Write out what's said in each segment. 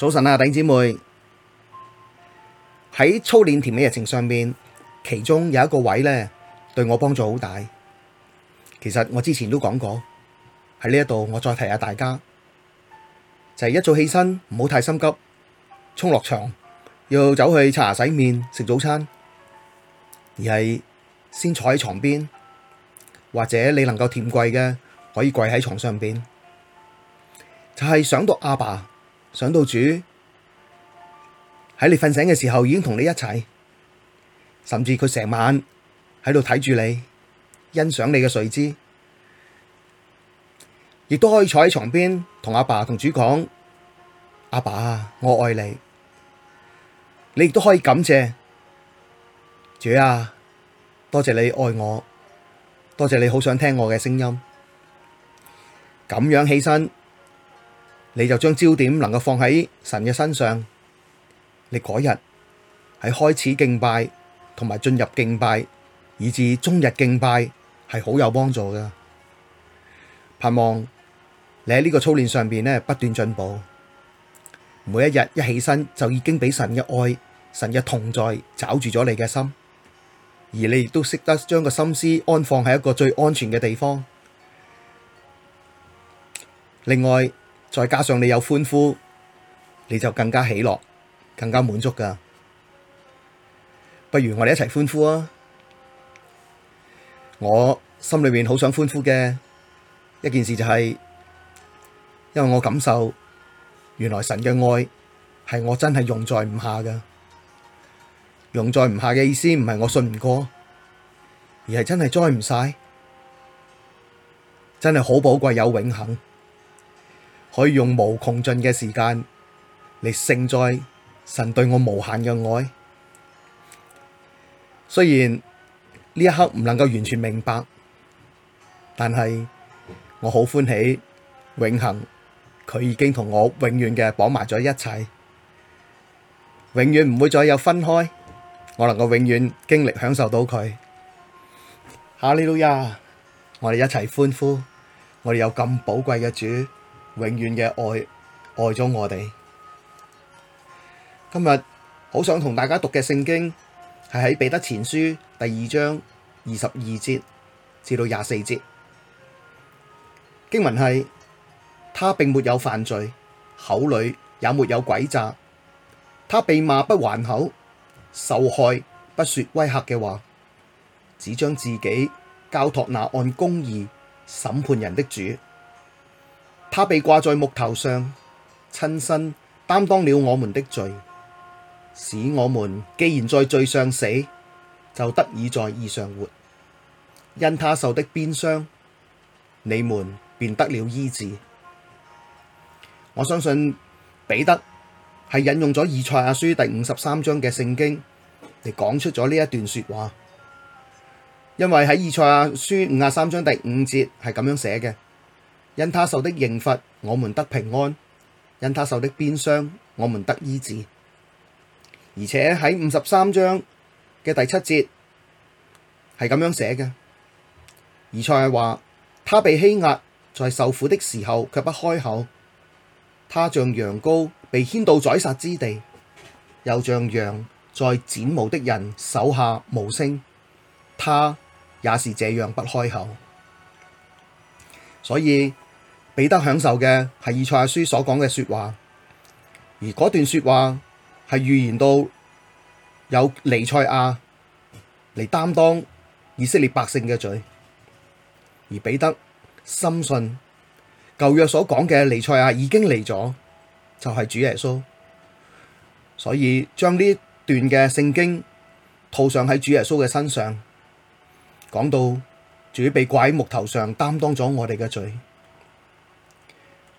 早晨啊，弟姐妹喺操練甜美日程上面，其中有一個位呢對我幫助好大。其實我之前都講過，喺呢一度我再提下大家，就係一早起身唔好太心急，衝落床要走去刷牙洗面食早餐，而係先坐喺床邊，或者你能夠甜跪嘅可以跪喺床上邊，就係想到阿爸。想到主喺你瞓醒嘅時候已經同你一齊，甚至佢成晚喺度睇住你，欣賞你嘅睡姿，亦都可以坐喺床邊同阿爸同主講：阿爸啊，我愛你。你亦都可以感謝主啊，多謝你愛我，多謝你好想聽我嘅聲音。咁樣起身。你就將焦點能夠放喺神嘅身上，你嗰日係開始敬拜，同埋進入敬拜，以至終日敬拜係好有幫助噶盼望你喺呢個操練上邊咧不斷進步，每一日一起身就已經俾神嘅愛、神嘅同在抓住咗你嘅心，而你亦都識得將個心思安放喺一個最安全嘅地方。另外，再加上你有歡呼，你就更加喜樂，更加滿足噶。不如我哋一齊歡呼啊！我心裡面好想歡呼嘅一件事就係，因為我感受，原來神嘅愛係我真係用在唔下噶，用在唔下嘅意思唔係我信唔過，而係真係栽唔晒，真係好寶貴有永恆。可以用無窮盡嘅時間嚟盛載神對我無限嘅愛。雖然呢一刻唔能夠完全明白，但係我好歡喜，永恒佢已經同我永遠嘅綁埋咗一齊，永遠唔會再有分開。我能夠永遠經歷享受到佢。哈利路亞！我哋一齊歡呼，我哋有咁寶貴嘅主。永遠嘅愛愛咗我哋。今日好想同大家讀嘅聖經係喺彼得前書第二章二十二節至到廿四節。經文係，他並沒有犯罪，口裏也沒有詭詐，他被罵不還口，受害不說威吓嘅話，只將自己交託那按公義審判人的主。他被掛在木頭上，親身擔當了我們的罪，使我們既然在罪上死，就得以在義上活。因他受的鞭傷，你們便得了醫治。我相信彼得係引用咗以賽亞書第五十三章嘅聖經嚟講出咗呢一段說話，因為喺以賽亞書五十三章第五節係咁樣寫嘅。因他受的刑罰，我們得平安；因他受的鞭傷，我們得醫治。而且喺五十三章嘅第七節係咁樣寫嘅，而賽亞話：他被欺壓，在受苦的時候卻不開口；他像羊羔被牽到宰殺之地，又像羊在剪毛的人手下無聲。他也是這樣不開口，所以。彼得享受嘅係以賽亞書所講嘅說話，而嗰段說話係預言到有彌賽亞嚟擔當以色列百姓嘅罪，而彼得深信舊約所講嘅彌賽亞已經嚟咗，就係、是、主耶穌，所以將呢段嘅聖經套上喺主耶穌嘅身上，講到主被掛喺木頭上擔當咗我哋嘅罪。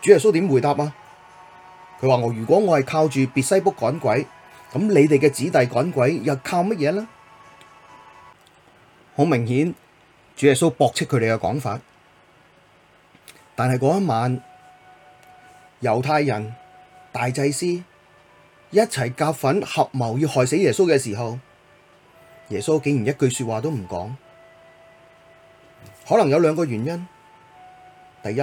主耶穌點回答啊？佢話我如果我係靠住別西卜趕鬼，咁你哋嘅子弟趕鬼又靠乜嘢呢？好明顯，主耶穌駁斥佢哋嘅講法。但係嗰一晚，猶太人大祭司一齊夾粉合謀要害死耶穌嘅時候，耶穌竟然一句說話都唔講。可能有兩個原因，第一。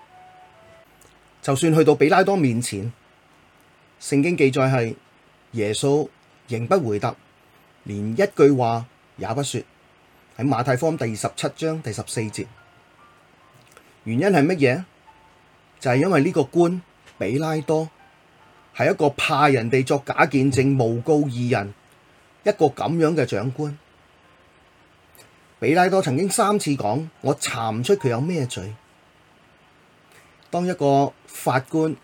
就算去到比拉多面前，聖經記載係耶穌仍不回答，連一句話也不說。喺馬太福音第十七章第十四節，原因係乜嘢？就係、是、因為呢個官比拉多係一個怕人哋作假見證、誣告義人，一個咁樣嘅長官。比拉多曾經三次講：我查唔出佢有咩罪。當一個法官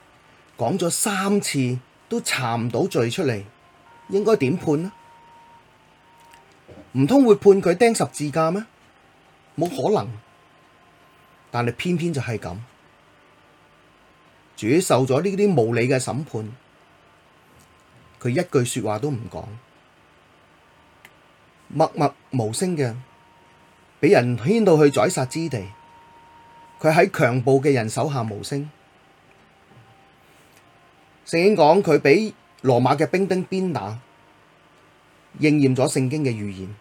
講咗三次都查唔到罪出嚟，應該點判呢？唔通會判佢釘十字架咩？冇可能，但係偏偏就係咁，主受咗呢啲無理嘅審判，佢一句說話都唔講，默默無聲嘅，俾人牽到去宰殺之地，佢喺強暴嘅人手下無聲。聖經講佢俾羅馬嘅兵丁鞭打，應驗咗聖經嘅預言。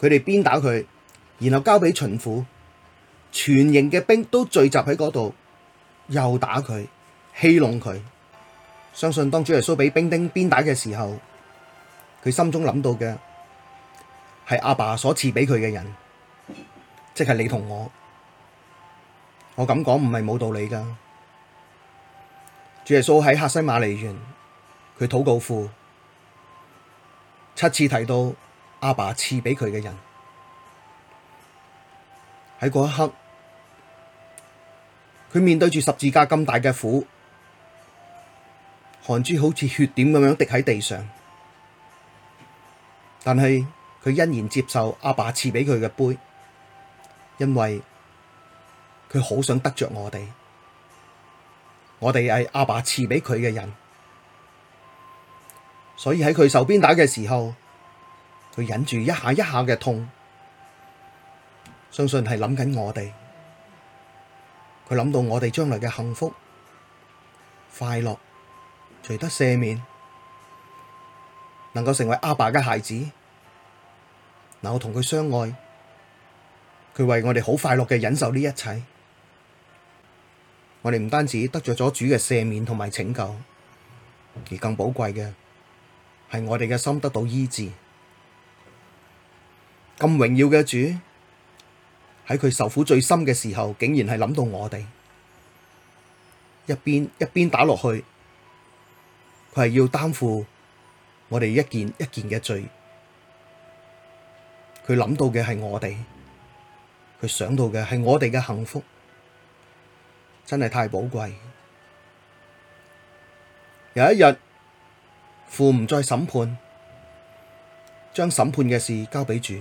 佢哋鞭打佢，然後交俾巡撫。全營嘅兵都聚集喺嗰度，又打佢，欺弄佢。相信當主耶穌俾兵丁鞭打嘅時候，佢心中諗到嘅係阿爸所賜俾佢嘅人，即係你同我。我咁講唔係冇道理噶。主耶穌喺客西馬尼園，佢禱告父，七次提到阿爸賜俾佢嘅人。喺嗰一刻，佢面對住十字架咁大嘅苦，汗珠好似血點咁樣滴喺地上，但係佢欣然接受阿爸賜俾佢嘅杯，因為佢好想得着我哋。我哋係阿爸賜畀佢嘅人，所以喺佢受鞭打嘅時候，佢忍住一下一下嘅痛，相信係諗緊我哋，佢諗到我哋將來嘅幸福、快樂，除得赦免，能夠成為阿爸嘅孩子，嗱我同佢相愛，佢為我哋好快樂嘅忍受呢一切。我哋唔單止得着咗主嘅赦免同埋拯救，而更寶貴嘅係我哋嘅心得到醫治。咁榮耀嘅主喺佢受苦最深嘅時候，竟然係諗到我哋，一邊一邊打落去，佢係要擔負我哋一件一件嘅罪。佢諗到嘅係我哋，佢想到嘅係我哋嘅幸福。真係太寶貴。有一日，父唔再審判，將審判嘅事交俾主，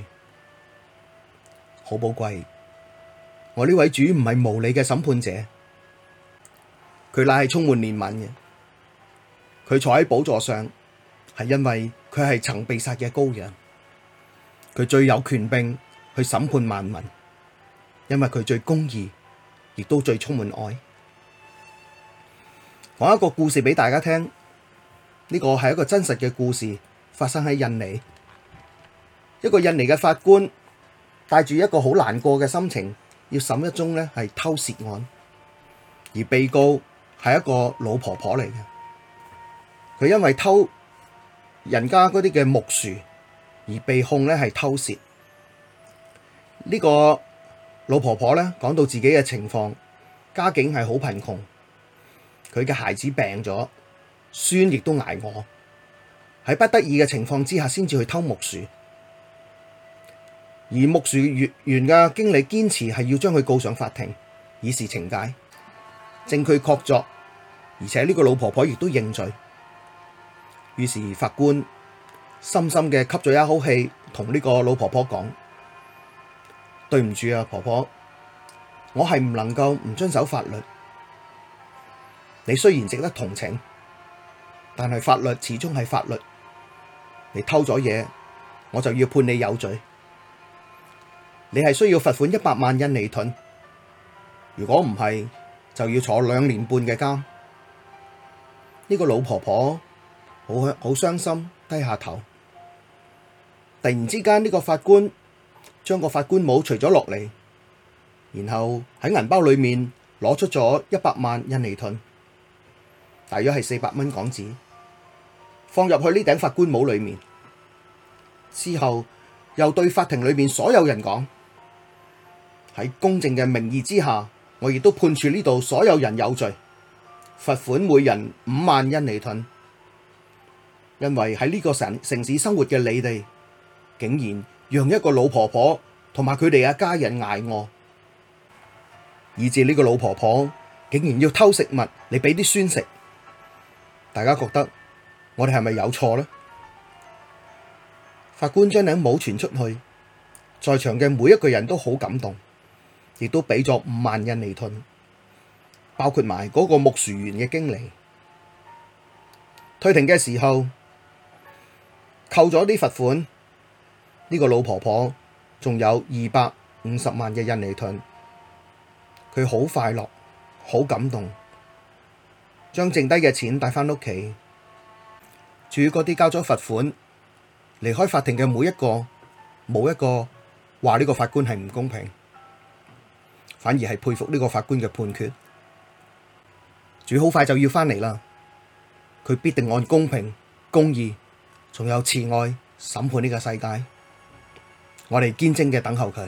好寶貴。我呢位主唔係無理嘅審判者，佢乃係充滿憐憫嘅。佢坐喺寶座上，係因為佢係曾被殺嘅羔羊。佢最有權柄去審判萬民，因為佢最公義。亦都最充滿愛。講一個故事俾大家聽，呢個係一個真實嘅故事，發生喺印尼。一個印尼嘅法官帶住一個好難過嘅心情，要審一宗呢係偷竊案，而被告係一個老婆婆嚟嘅，佢因為偷人家嗰啲嘅木薯而被控呢係偷竊，呢、這個。老婆婆呢講到自己嘅情況，家境係好貧窮，佢嘅孩子病咗，孫亦都捱餓，喺不得已嘅情況之下，先至去偷木薯。而木薯園嘅經理堅持係要將佢告上法庭，以示懲戒，證據確鑿，而且呢個老婆婆亦都認罪。於是法官深深嘅吸咗一口氣，同呢個老婆婆講。對唔住啊，婆婆，我係唔能夠唔遵守法律。你雖然值得同情，但係法律始終係法律。你偷咗嘢，我就要判你有罪。你係需要罰款一百萬印尼盾，如果唔係，就要坐兩年半嘅監。呢、呢個老婆婆好好傷心，低下頭。突然之間，呢個法官。將個法官帽除咗落嚟，然後喺銀包裏面攞出咗一百萬印尼盾，大約係四百蚊港紙，放入去呢頂法官帽裏面之後，又對法庭裏面所有人講：喺公正嘅名義之下，我亦都判處呢度所有人有罪，罰款每人五萬印尼盾，因為喺呢個城城市生活嘅你哋，竟然。讓一個老婆婆同埋佢哋嘅家人挨餓，以致呢個老婆婆竟然要偷食物嚟俾啲孫食。大家覺得我哋係咪有錯呢？法官將名冇傳出去，在場嘅每一個人都好感動，亦都俾咗五萬印尼盾，包括埋嗰個木薯園嘅經理。退庭嘅時候，扣咗啲罰款。呢個老婆婆仲有二百五十萬嘅印尼盾，佢好快樂，好感動，將剩低嘅錢帶返屋企。主嗰啲交咗罰款，離開法庭嘅每一個，冇一個話呢個法官係唔公平，反而係佩服呢個法官嘅判決。主好快就要返嚟啦，佢必定按公平、公義，仲有慈愛審判呢個世界。我哋堅定嘅等候佢。